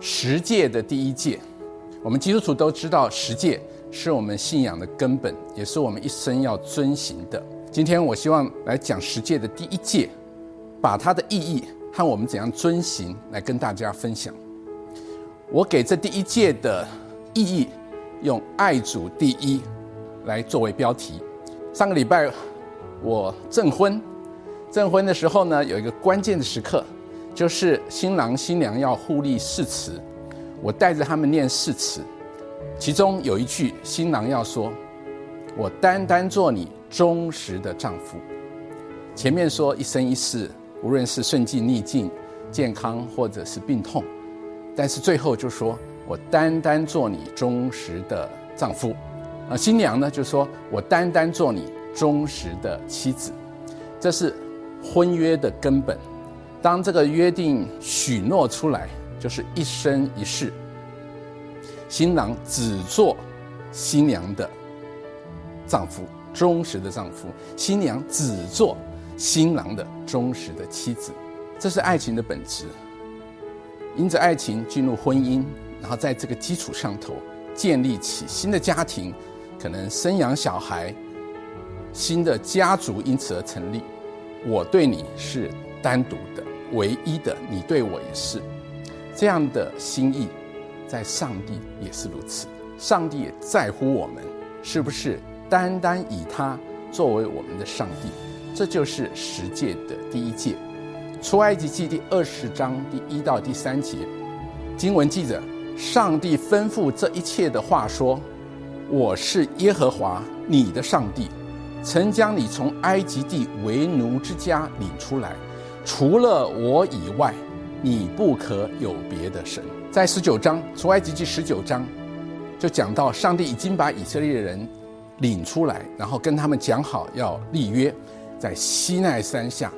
十誡的第一誡，我們基督徒都知道，十誡是我們信仰的根本，也是我們一生要遵行的。今天，我希望來講十誡的第一誡，把它的意義和我們怎樣遵行來跟大家分享。我給這第一誡的意義，用“愛主第一”來作為標題。上個禮拜我證婚，證婚的時候呢，有一個關鍵的時刻。就是新郎新娘要互立誓詞，我帶着他們念誓詞，其中有一句，新郎要說：“我單單做你忠實的丈夫。”前面說一生一世，無論是順境逆境、健康或者是病痛，但是最後就說：“我單單做你忠實的丈夫。”啊，新娘呢就說：“我單單做你忠實的妻子。”這是婚約的根本。當這個約定許諾出來，就是一生一世。新郎只做新娘的丈夫，忠實的丈夫；新娘只做新郎的忠實的妻子。這是愛情的本質。因着愛情進入婚姻，然後在這個基礎上頭建立起新的家庭，可能生養小孩，新的家族因此而成立。我對你是單獨的。唯一的，你對我也是這樣的心意，在上帝也是如此。上帝也在乎我們，是不是？單單以他作為我們的上帝，這就是十誡的第一誡。出埃及記第二十章第一到第三節，經文記着：上帝吩咐這一切的話說：“我是耶和華你的上帝，曾將你從埃及地為奴之家領出來。”除了我以外，你不可有別的神。在十九章，出埃及記十九章，就講到上帝已經把以色列人領出來，然後跟他們講好要立約，在西奈山下，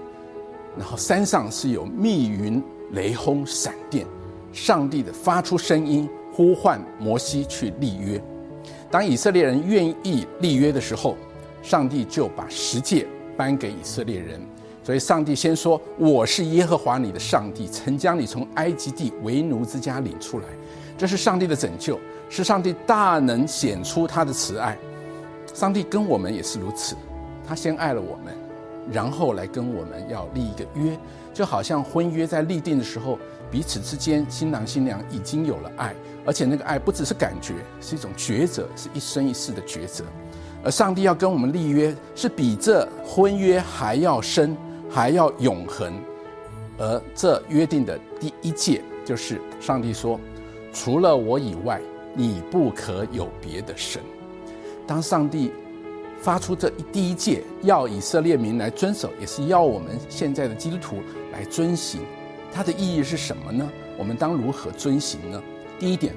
然後山上是有密雲、雷轟、閃電，上帝的發出聲音呼喚摩西去立約。當以色列人願意立約的時候，上帝就把十誡頒給以色列人。所以，上帝先說：“我是耶和華你的上帝，曾將你從埃及地為奴之家領出來。”這是上帝的拯救，是上帝大能顯出他的慈愛。上帝跟我們也是如此，他先愛了我們，然後來跟我們要立一個約，就好像婚約在立定的時候，彼此之間新郎新娘已經有了愛，而且那個愛不只是感覺，是一種抉擇，是一生一世的抉擇。而上帝要跟我們立約，是比這婚約還要深。還要永恆，而這約定的第一誡就是上帝說：“除了我以外，你不可有別的神。”當上帝發出這一第一誡，要以色列民來遵守，也是要我們現在的基督徒來遵行。它的意義是什麼呢？我們當如何遵行呢？第一點，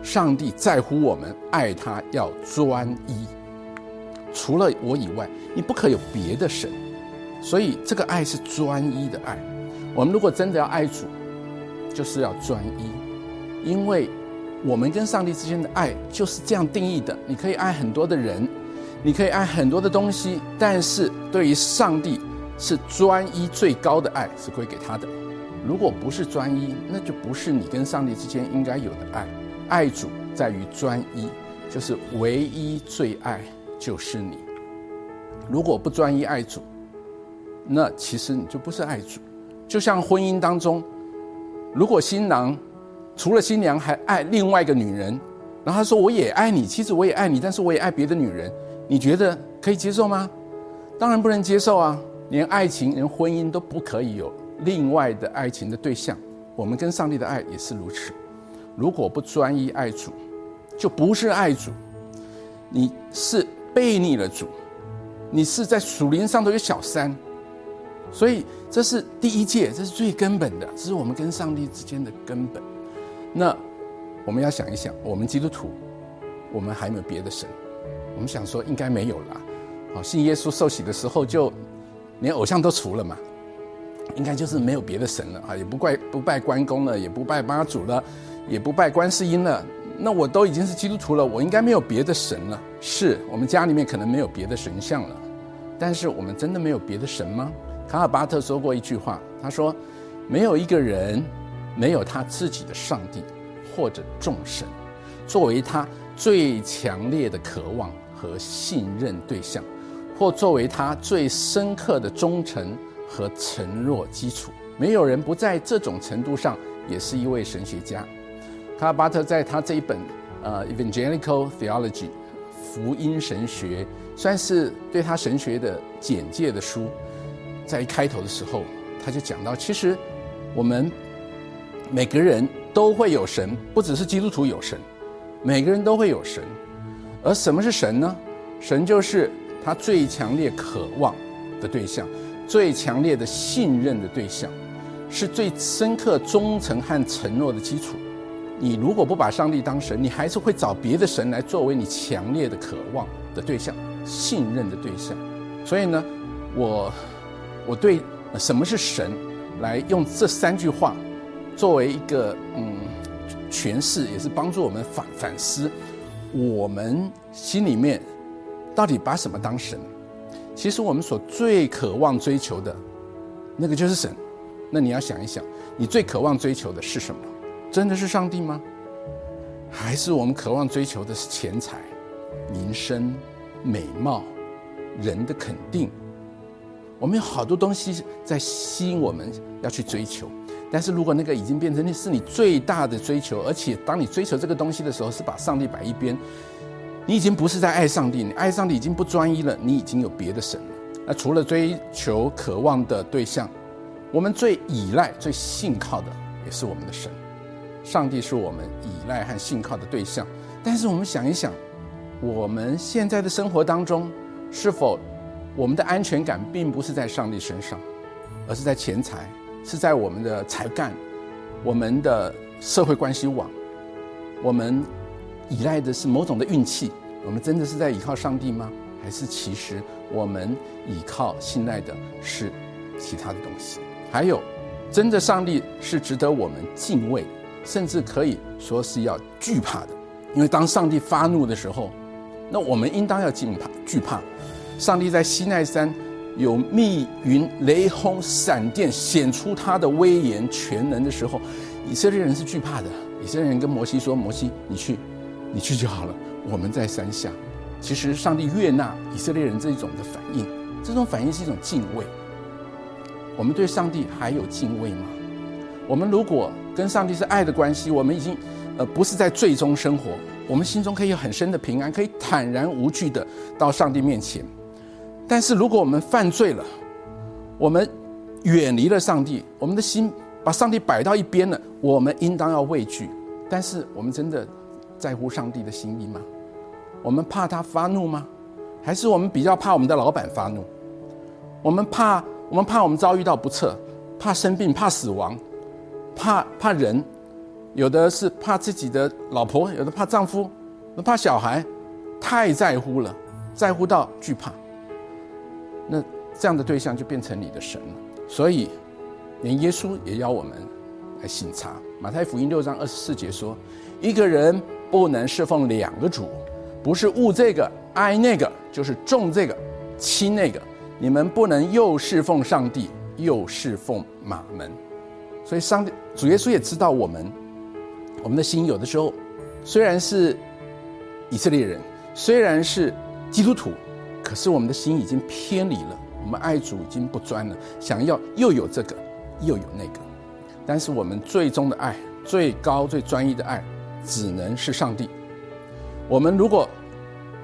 上帝在乎我們，愛他要專一，除了我以外，你不可有別的神。所以，這個愛是專一的愛。我們如果真的要愛主，就是要專一，因為我們跟上帝之間的愛就是這樣定義的。你可以愛很多的人，你可以愛很多的東西，但是對於上帝是專一，最高的愛是歸給他的。如果不是專一，那就不是你跟上帝之間應該有的愛。愛主在於專一，就是唯一最愛就是你。如果不專一愛主，那其實你就不是愛主，就像婚姻當中，如果新郎除了新娘還愛另外一個女人，然後他說我也愛你，其實我也愛你，但是我也愛別的女人，你覺得可以接受嗎？當然不能接受啊！連愛情連婚姻都不可以有另外的愛情的對象，我們跟上帝的愛也是如此。如果不專一愛主，就不是愛主，你是悖逆了主，你是在屬靈上頭有小三。所以這是第一誡，這是最根本的，這是我們跟上帝之間的根本。那我們要想一想，我們基督徒，我們還有沒有別的神？我們想說應該沒有啦。好，信耶穌受洗的時候就連偶像都除了嘛，應該就是沒有別的神了啊！也不怪不拜關公了，也不拜媽祖了，也不拜觀世音了。那我都已經是基督徒了，我應該沒有別的神了。是我們家裡面可能沒有別的神像了，但是我們真的沒有別的神嗎？卡爾巴特說過一句話，他說：“沒有一個人沒有他自己的上帝或者眾神作為他最強烈的渴望和信任對象，或作為他最深刻的忠誠和承諾基礎。沒有人不在這種程度上也是一位神學家。”卡爾巴特在他這一本呃《Evangelical Theology》福音神學，算是對他神學的簡介的書。在一開頭的時候，他就講到，其實我們每個人都會有神，不只是基督徒有神，每個人都會有神。而什麼是神呢？神就是他最強烈渴望的對象，最強烈的信任的對象，是最深刻忠誠和承諾的基礎。你如果不把上帝當神，你還是會找別的神來作為你強烈的渴望的對象、信任的對象。所以呢，我。我對什麼是神，來用這三句話作為一個嗯詮釋，也是幫助我們反反思我們心裡面到底把什麼當神。其實我們所最渴望追求的那個就是神。那你要想一想，你最渴望追求的是什麼？真的是上帝嗎？還是我們渴望追求的是錢財、名聲、美貌、人的肯定？我們有好多東西在吸引我們要去追求，但是如果那個已經變成那是你最大的追求，而且當你追求這個東西的時候，是把上帝擺一邊，你已經不是在愛上帝，你愛上帝已經不專一了，你已經有別的神了。那除了追求渴望的對象，我們最依賴、最信靠的也是我們的神。上帝是我們依賴和信靠的對象，但是我們想一想，我們現在的生活當中是否？我們的安全感並不是在上帝身上，而是在錢財，是在我們的才幹，我們的社會關係網，我們依賴的是某種的運氣。我們真的是在依靠上帝嗎？還是其實我們依靠信賴的是其他的東西？還有，真的上帝是值得我們敬畏，甚至可以說是要懼怕的。因為當上帝發怒的時候，那我們應當要懼怕、懼怕。上帝在西奈山有密雲、雷轟、閃電，顯出他的威嚴、全能的時候，以色列人是懼怕的。以色列人跟摩西說：“摩西，你去，你去就好了，我們在山下。”其實，上帝悅納以色列人這種的反應，這種反應是一種敬畏。我們對上帝還有敬畏嗎？我們如果跟上帝是愛的關係，我們已經呃不是在最終生活，我們心中可以有很深的平安，可以坦然無懼的到上帝面前。但是，如果我們犯罪了，我們遠離了上帝，我們的心把上帝擺到一邊了，我們應當要畏懼。但是，我們真的在乎上帝的心意嗎？我們怕他發怒嗎？還是我們比較怕我們的老闆發怒？我們怕我們怕我們遭遇到不測，怕生病，怕死亡，怕怕人，有的是怕自己的老婆，有的怕丈夫，有的怕小孩，太在乎了，在乎到懼怕。那這樣的對象就變成你的神了，所以連耶穌也要我們來信他。馬太福音六章二十四節說：“一個人不能侍奉兩個主，不是惡這個愛那個，就是重這個輕那個。你們不能又侍奉上帝又侍奉馬門。”所以上帝主耶穌也知道我們，我們的心有的時候雖然是以色列人，雖然是基督徒。可是我們的心已經偏離了，我們愛主已經不專了，想要又有這個，又有那個。但是我們最終的愛，最高最專一的愛，只能是上帝。我們如果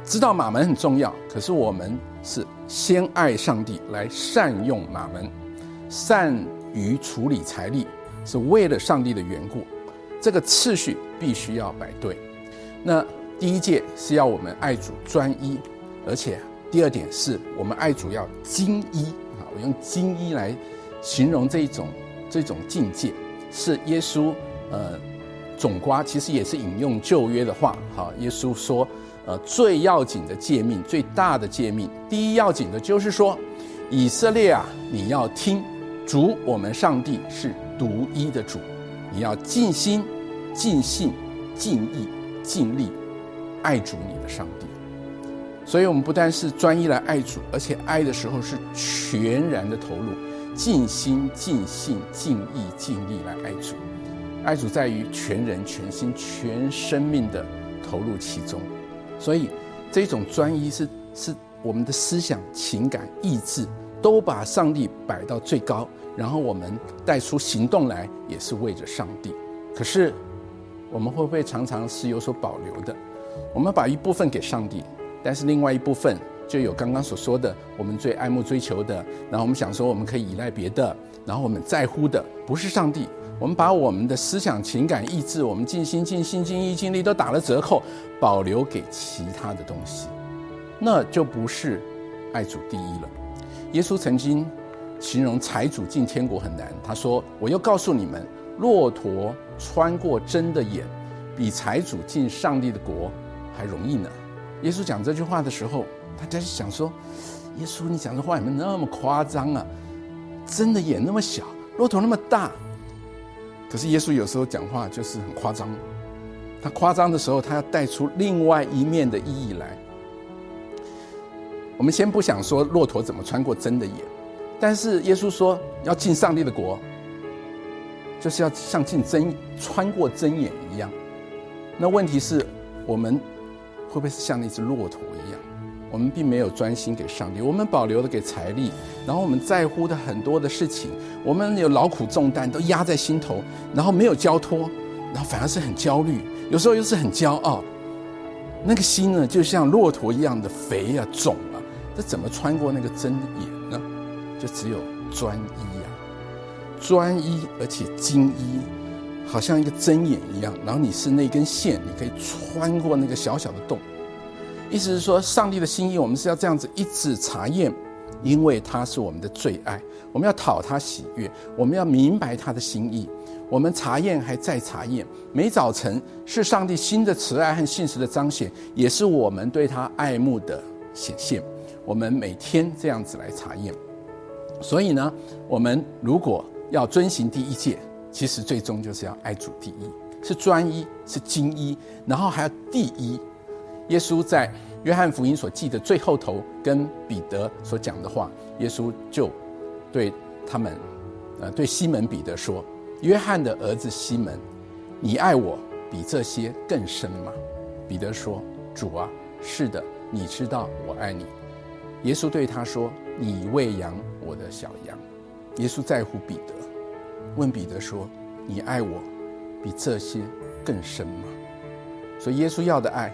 知道瑪門很重要，可是我們是先愛上帝，來善用瑪門，善於處理財力，是為了上帝的緣故。這個次序必須要擺對。那第一誡是要我們愛主專一，而且。第二點是我們愛主要精一啊，我用精一來形容這一種這一種境界。是耶穌呃總括，其實也是引用舊約的話。好、哦，耶穌說呃最要緊的誡命，最大的誡命，第一要緊的就是說，以色列啊，你要聽主我們上帝是獨一的主，你要盡心、盡性盡意、盡力愛主你的上帝。所以，我們不但是專一來愛主，而且愛的時候是全然的投入，盡心、盡性、盡意、盡力來愛主。愛主在於全人、全心、全生命的投入其中。所以，這種專一是是我們的思想、情感、意志都把上帝擺到最高，然後我們帶出行動來也是為着上帝。可是，我們會不會常常是有所保留的？我們把一部分給上帝。但是另外一部分就有剛剛所說的我們最愛慕追求的，然後我們想說我們可以依賴別的，然後我們在乎的不是上帝，我們把我們的思想、情感、意志，我們盡心、盡心、盡意、盡力都打了折扣，保留給其他的東西，那就不是愛主第一了。耶穌曾經形容財主進天國很難，他說：“我又告訴你們，駱駝穿過針的眼，比財主進上帝的國還容易呢。”耶穌講這句話的時候，大家就想說：“耶穌，你講這話有沒有那麼誇張啊？針的眼那麼小，駱駝那麼大。”可是耶穌有時候講話就是很誇張，他誇張的時候，他要帶出另外一面的意義來。我們先不想說駱駝怎麼穿過針的眼，但是耶穌說要進上帝的國，就是要像進針穿過針眼一樣。那問題是，我們，會不會是像那隻駱駝一樣？我們並沒有專心給上帝，我們保留的給財力，然後我們在乎的很多的事情，我們有勞苦重擔都壓在心頭，然後沒有交托，然後反而是很焦慮，有時候又是很驕傲。那個心呢，就像駱駝一樣的肥啊、腫啊，這怎麼穿過那個針眼呢？就只有專一呀、啊，專一而且精一。好像一個針眼一樣，然後你是那根線，你可以穿過那個小小的洞。意思是說，上帝的心意，我們是要這樣子一直查驗，因為他是我們的最愛，我們要討他喜悅，我們要明白他的心意，我們查驗，還在查驗，每早晨是上帝新的慈愛和信實的彰顯，也是我們對他愛慕的顯現。我們每天這樣子來查驗，所以呢，我們如果要遵循第一戒。其實最終就是要愛主第一，是專一，是精一，然後還要第一。耶穌在約翰福音所記的最後頭，跟彼得所講的話，耶穌就對他們，呃，對西門彼得說：“約翰的兒子西門，你愛我比這些更深嗎？”彼得說：“主啊，是的，你知道我愛你。”耶穌對他說：“你餵養我的小羊。”耶穌在乎彼得。問彼得說：“你愛我，比這些更深嗎？”所以耶穌要的愛，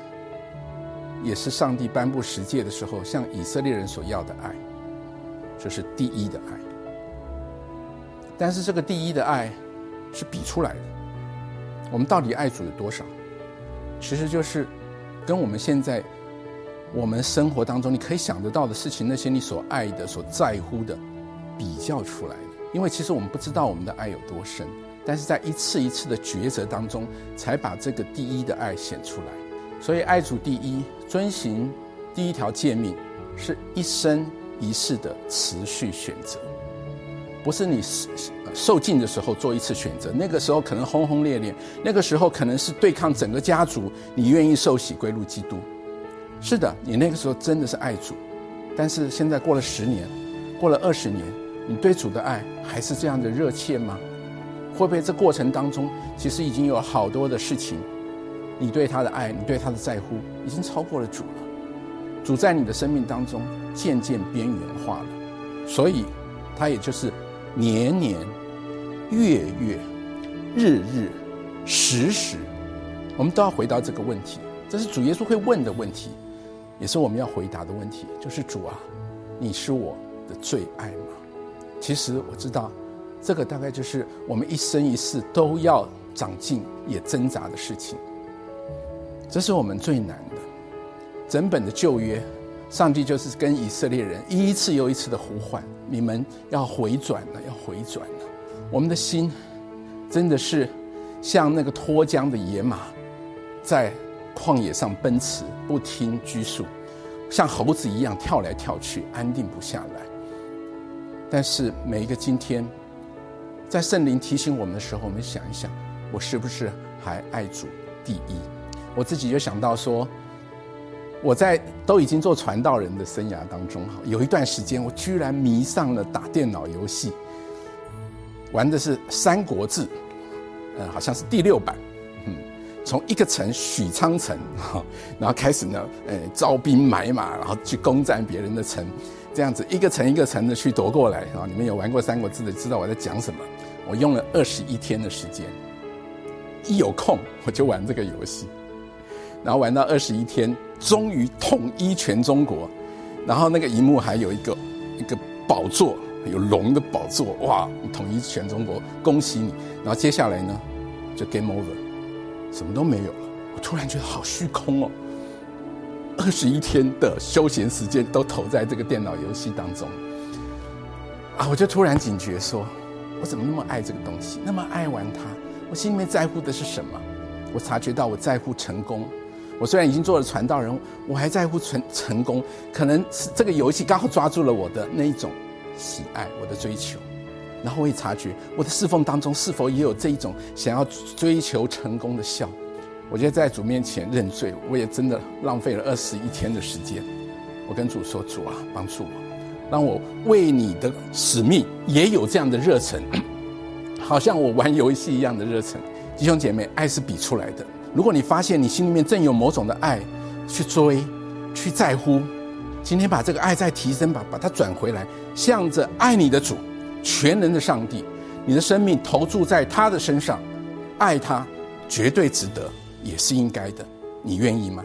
也是上帝頒布十誡的時候，向以色列人所要的愛，這、就是第一的愛。但是這個第一的愛，是比出來的。我們到底愛主有多少？其實就是，跟我們現在，我們生活當中你可以想得到的事情，那些你所愛的、所在乎的，比較出來。因為其實我們不知道我們的愛有多深，但是在一次一次的抉擇當中，才把這個第一的愛顯出來。所以愛主第一，遵行第一條誡命，是一生一世的持續選擇，不是你受浸的時候做一次選擇。那個時候可能轟轟烈烈，那個時候可能是對抗整個家族，你願意受洗歸入基督。是的，你那個時候真的是愛主，但是現在過了十年，過了二十年。你對主的愛還是這樣的熱切嗎？會不會這過程當中，其實已經有好多的事情，你對他的愛，你對他的在乎，已經超過了主了。主在你的生命當中漸漸邊緣化了，所以，他也就是年年、月月、日日、時時，我們都要回答這個問題。這是主耶穌會問的問題，也是我們要回答的問題。就是主啊，你是我的最愛嗎？其實我知道，這個大概就是我們一生一世都要長進也掙扎的事情。這是我們最難的。整本的舊約，上帝就是跟以色列人一次又一次的呼喚：你們要回轉了，要回轉了。我們的心，真的是像那個脫韁的野馬，在曠野上奔馳，不聽拘束，像猴子一樣跳來跳去，安定不下來。但是每一個今天，在聖靈提醒我們的時候，我們想一想，我是不是還愛主第一？我自己就想到說，我在都已經做傳道人的生涯當中，哈，有一段時間我居然迷上了打電腦遊戲，玩的是《三國志》，呃，嗯，好像是第六版，嗯，從一個城許昌城，哈，然後開始呢，呃，招兵買馬，然後去攻占別人的城。這樣子一個城一個城的去奪過來，啊，你們有玩過《三國志》的，知道我在講什麼。我用了二十一天的時間，一有空我就玩這個遊戲，然後玩到二十一天，終於統一全中國。然後那個熒幕還有一個一個寶座，有龍的寶座，哇！你統一全中國，恭喜你。然後接下來呢，就 Game Over，什麼都沒有了。我突然覺得好虛空哦。二十一天的休閒時間都投在這個電腦遊戲當中，啊，我就突然警覺說，我怎麼那麼愛這個東西，那麼愛玩它？我心裡面在乎的是什麼？我察覺到我在乎成功。我雖然已經做了傳道人，我還在乎成成功。可能是這個遊戲剛好抓住了我的那一種喜愛，我的追求。然後我也察覺我的侍奉當中是否也有這一種想要追求成功的效。我覺得在主面前認罪，我也真的浪費了二十一天的時間。我跟主說：“主啊，幫助我，讓我為你的使命也有這樣的熱忱，好像我玩遊戲一樣的熱忱。”弟兄姐妹，愛是比出來的。如果你發現你心裡面正有某種的愛，去追，去在乎，今天把這個愛再提升吧，把它轉回來，向着愛你的主，全能的上帝，你的生命投注在他的身上，愛他絕對值得。也是應該的，你願意嗎？